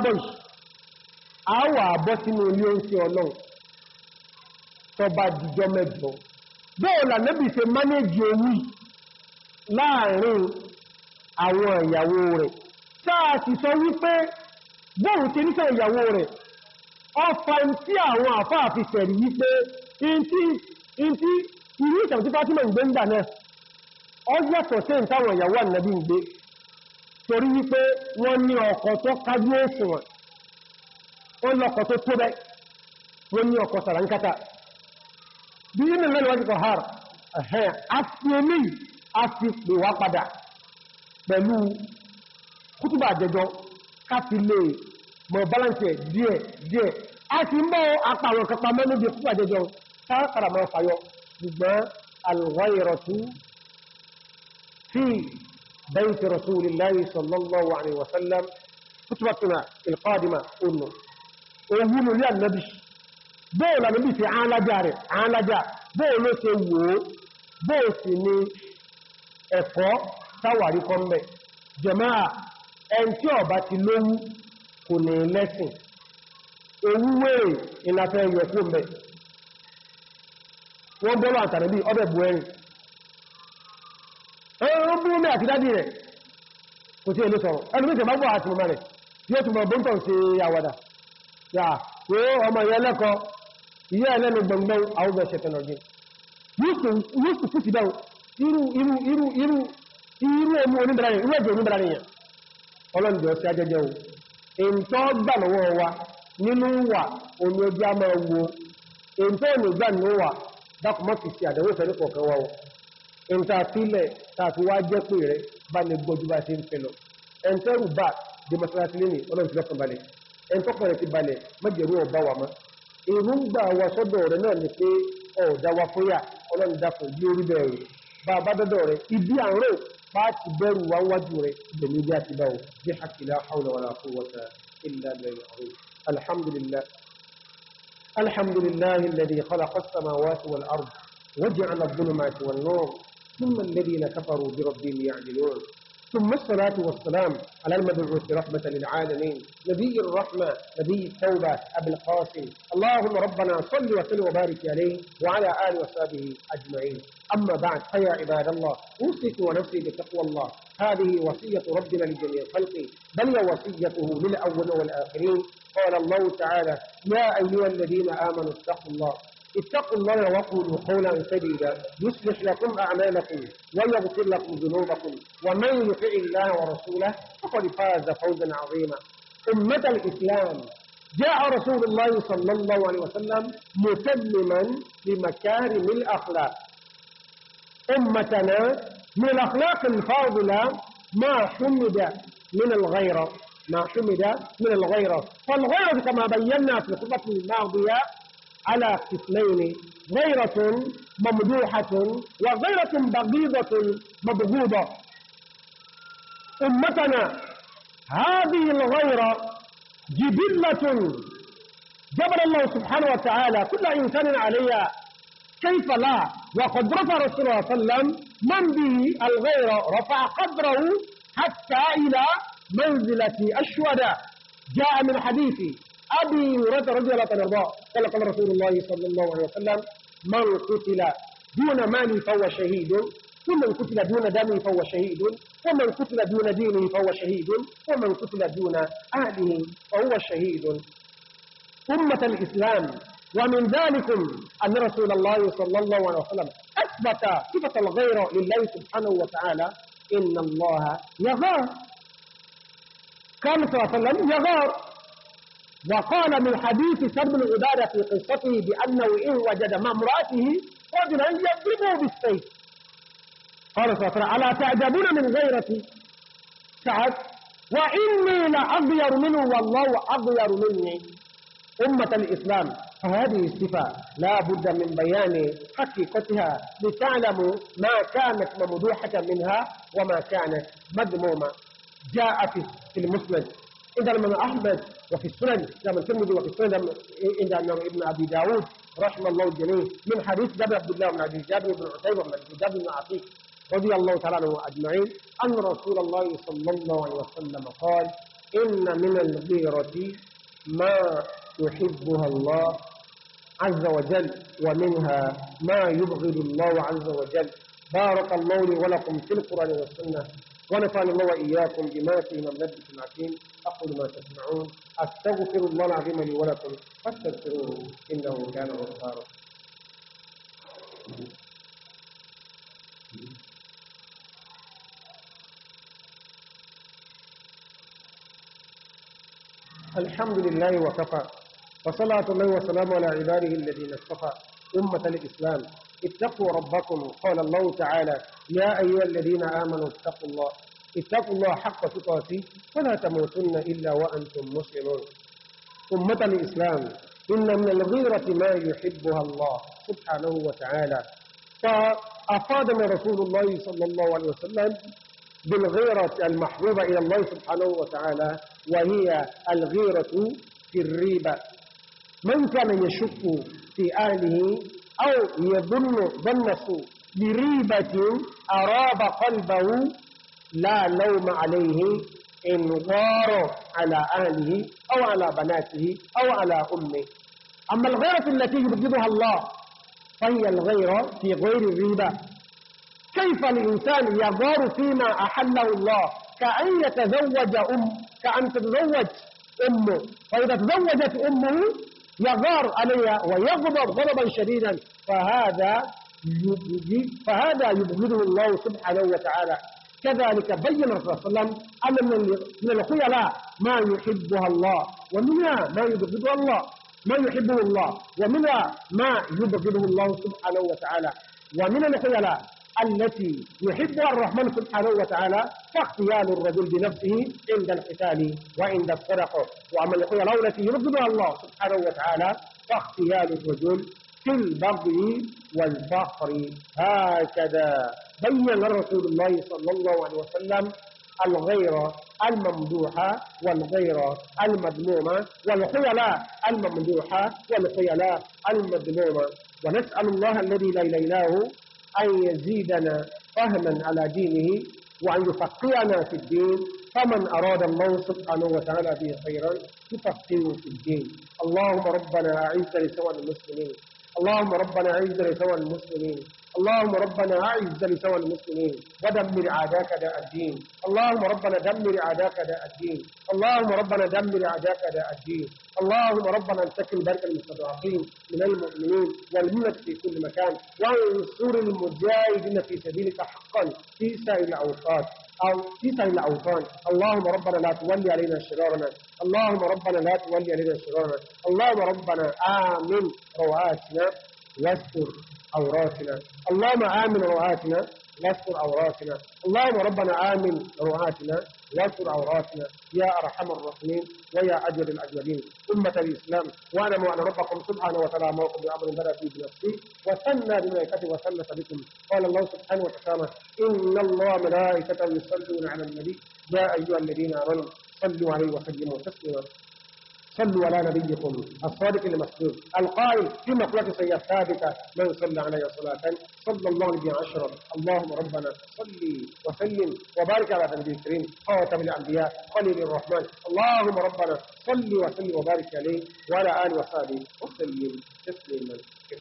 ṣètò a wà bọ́ sínú ilé oúnjẹ ọlọ́run tó bá dìjọ mẹ́jọ bóòlà nẹ́bì ṣe mánéjì owó láàrin àwọn ìyàwó rẹ̀ sáà ti sọ wípé bóòrùn ti nífẹ̀ẹ́ ìyàwó rẹ̀ ọfà tí àwọn àfáà fi sẹ̀rí wípé ìntí irú ìtàkùn tí Fátímà ń gbé ń gbà náà ọjọ́pọ̀ sí ìtàwọn ìyàwó ànàbí ń gbé torí wípé wọ́n ní ọkọ ó lọ́kọ̀ tó tó bẹ́ wọ́n ní ọkọ̀ sàránkátà bí i mẹ́lẹ́ wájú kọ̀ har ẹ̀hẹ́n a fi omi a fi pè wá padà pẹ̀lú kútùbà àjẹjọ káfí lè mọ̀ báláǹtẹ̀ díẹ̀ díẹ̀ a ti mọ́ apàwọn kapa mẹ́nu bí kútùbà àjẹjọ káàkàrà máa fàyọ ṣùgbọ́n alghayratu fi bayti rasulillahi sallallahu ewu ní orí ànábì bóò lànàbì ti àálájá rẹ̀ àálájá bóò ló ṣe wò ó bóò sì ni ẹ̀kọ́ táwàrí kọ́mẹ̀ jàmáà ẹn tí ọba ti lówú kò ní lẹ́sìn ewu wèrè ìlàfẹ́ yọkú mẹ́ wọ́n bọ́lọ̀ àtàrẹ́bí ọbẹ̀ bu ẹ̀rìn ẹ̀rọ bú mẹ́ àti dádì rẹ̀ kò sí èlé sọ̀rọ̀ ẹlùmí tẹ̀ bá gbọ́ àti mọ̀ rẹ̀ yóò túnmọ̀ bóńtọ̀ sí àwàdà pé ọmọ ìyẹn lẹ́kọ́ ìyẹ́ ẹlẹ́nu gbọmgbọ́n àwọn ẹ̀ṣẹ̀ tẹ̀lọ̀gẹ́ yóò sì fúti dáun irú irú irú irú irú omi oníbẹ̀rẹ̀ irú ẹ̀jẹ̀ oníbẹ̀rẹ̀ yẹn ọlọ́njẹ́ ọ̀sẹ̀ ajẹ́jẹ́ o èntọ́ gbà lọ́wọ́ wa nínú wà omi ojú a máa wo èntọ́ òní gbà nínú wà dákùnmọ́ fi ṣe àdẹ̀wò fẹ́ nípa ọ̀kan wa o èntà sílẹ̀ tàbí wá jẹ́ pé rẹ̀ bá ní gbọ́jú bá ṣe ń fẹ́ lọ ẹ̀ntẹ́rù bá dé mọ́sálásí lónìí ọlọ́run ti lọ́kàn balẹ̀ ẹn tó rẹ̀ ti balẹ̀ mọ́jẹ̀rú ọba wà mọ́ èròǹgbà wa sọ́dọ̀ rẹ̀ náà ni pé ọ̀dà wa fúnyà ọlọ́run dàpọ̀ yí foya olorun bẹ́ẹ̀ rẹ̀ bee ba ba dodo rẹ̀ ibi àárọ̀ pàtì bẹ́rù wá wájú rẹ̀ ìdòmí bí a ti bá o bí ثم الصلاة والسلام على المبعوث رحمة للعالمين نبي الرحمة نبي التوبة أبي القاسم اللهم ربنا صل وسلم وبارك عليه وعلى آله وصحبه أجمعين أما بعد فيا عباد الله أوصيك ونفسي بتقوى الله هذه وصية ربنا لجميع خلقه بل وصيته للأول والآخرين قال الله تعالى يا أيها الذين آمنوا اتقوا الله اتقوا الله وقولوا قولا سديدا يصلح لكم أعمالكم ويغفر لكم ذنوبكم ومن يطع الله ورسوله فقد فاز فوزا عظيما أمة الإسلام جاء رسول الله صلى الله عليه وسلم متمما لمكارم الأخلاق أمتنا من الأخلاق الفاضلة ما حمد من الغيرة ما حمد من الغيرة فالغيرة كما بينا في الخطبة الماضية على قسمين غيرة ممدوحة وغيرة بغيضة مبغوضة أمتنا هذه الغيرة جبلة جبر الله سبحانه وتعالى كل إنسان عليها كيف لا وقد رفع رسول الله صلى الله عليه وسلم من به الغيرة رفع قدره حتى إلى منزلة الشهداء جاء من حديث أبي هريرة رضي الله عنه قال قال رسول الله صلى الله عليه وسلم من قتل دون مال فهو شهيد ومن قتل دون دم فهو شهيد ومن قتل دون دينه فهو شهيد ومن قتل دون أهله فهو شهيد أمة الإسلام ومن ذلك أن رسول الله صلى الله عليه وسلم أثبت صفة الغيرة لله سبحانه وتعالى إن الله يغار كان صلى الله عليه وسلم يغار وقال من حديث سبل عبادة في قصته بأنه إن وجد مع امرأته رجلا يضربه بالسيف قال صلى الله عليه وسلم ألا تعجبون من غيرتي سعد وإني لأغير منه والله أغير مني أمة الإسلام فهذه الصفة لا بد من بيان حقيقتها لتعلموا ما كانت ممدوحة منها وما كانت مذمومة جاء في المسند عند الإمام أحمد وفي السنن الإمام الترمذي وفي السنن عند أنه ابن أبي داود رحمه الله الجميع من حديث جابر عبد الله بن عبد الجابر بن عتيبة بن عبد الجابر بن عتيق رضي الله تعالى عنه أجمعين أن رسول الله صلى الله عليه وسلم قال إن من الغيرة ما يحبها الله عز وجل ومنها ما يبغض الله عز وجل بارك الله لي ولكم في القرآن والسنة ونفعنا الله وإياكم بما فيه من نبت العكيم أقول ما تسمعون أستغفر الله العظيم لي ولكم فاستغفروه إنه كان غفارا الحمد لله وكفى وصلاة الله وسلامه على عباده الذين اصطفى أمة الإسلام اتقوا ربكم قال الله تعالى يا أيها الذين آمنوا اتقوا الله اتقوا الله حق تقاته ولا تموتن إلا وأنتم مسلمون أمة الإسلام إن من الغيرة ما يحبها الله سبحانه وتعالى فأفادنا رسول الله صلى الله عليه وسلم بالغيرة المحبوبة إلى الله سبحانه وتعالى وهي الغيرة في الريبة من كان يشك في أهله أو يظن ظن بريبة أراب قلبه لا لوم عليه إن غار على أهله أو على بناته أو على أمه أما الغيرة التي يبغضها الله فهي الغيرة في غير الريبة كيف الإنسان يغار فيما أحله الله كأن يتزوج أم كأن تتزوج أمه فإذا تزوجت أمه يغار عليها ويغضب غضبا شديدا فهذا فهذا يبغضه الله سبحانه وتعالى كذلك بين الرسول صلى الله عليه وسلم أن من الخيلاء ما يحبها الله ومنها ما يبغضها الله ما يحبه الله ومنها ما يبغضه الله سبحانه وتعالى ومن الخيلاء التي يحبها الرحمن سبحانه وتعالى فاختيال الرجل بنفسه عند القتال وعند السرقة وأما الخيال التي يبغضها الله سبحانه وتعالى فاختيال الرجل في البغي والبحر هكذا بين رسول الله صلى الله عليه وسلم الغيرة الممدوحة والغيرة المذمومة والخيلاء الممدوحة والخيلاء المذمومة ونسأل الله الذي لا إله إلا هو أن يزيدنا فهما على دينه وأن يفقهنا في الدين فمن أراد الله سبحانه وتعالى به خيرا يفقهه في الدين اللهم ربنا أعز لسوى المسلمين اللهم ربنا أعز لسوى المسلمين اللهم ربنا أعز لسوى المسلمين ودمر عاداك داء الدين اللهم ربنا دمر عاداك داء الدين اللهم ربنا دمر عاداك داء الدين اللهم ربنا انتقم درك المستضعفين من المؤمنين والملك في كل مكان وانصر المجاهدين في سبيلك حقا في سائر الأوقات أو في سائر الأوطان اللهم ربنا لا تولي علينا شرارنا اللهم ربنا لا تولي علينا شرارنا اللهم ربنا آمن رواتنا واستر عوراتنا اللهم آمن رعاتنا لا تستر عوراتنا اللهم ربنا آمن رعاتنا لا تستر عوراتنا يا أرحم الراحمين ويا أجل الأجلين أمة الإسلام واعلموا أن ربكم سبحانه وتعالى موقف بأمر بدأ فيه بنفسه وسنى بملائكته وثلث بكم قال الله سبحانه وتعالى إن الله ملائكته يصلون على النبي يا أيها الذين آمنوا صلوا عليه وسلموا تسليما صلوا على نبيكم الصادق المصدوق القائل في مقلة سيئة ثابتة من صلى علي صلاة صلى الله عليه عشرا اللهم ربنا صلي وسلم وبارك على نبي الكريم خاتم الأنبياء خليل الرحمن اللهم ربنا صلي وسلم وبارك عليه وعلى آله وصحبه وسلم تسليما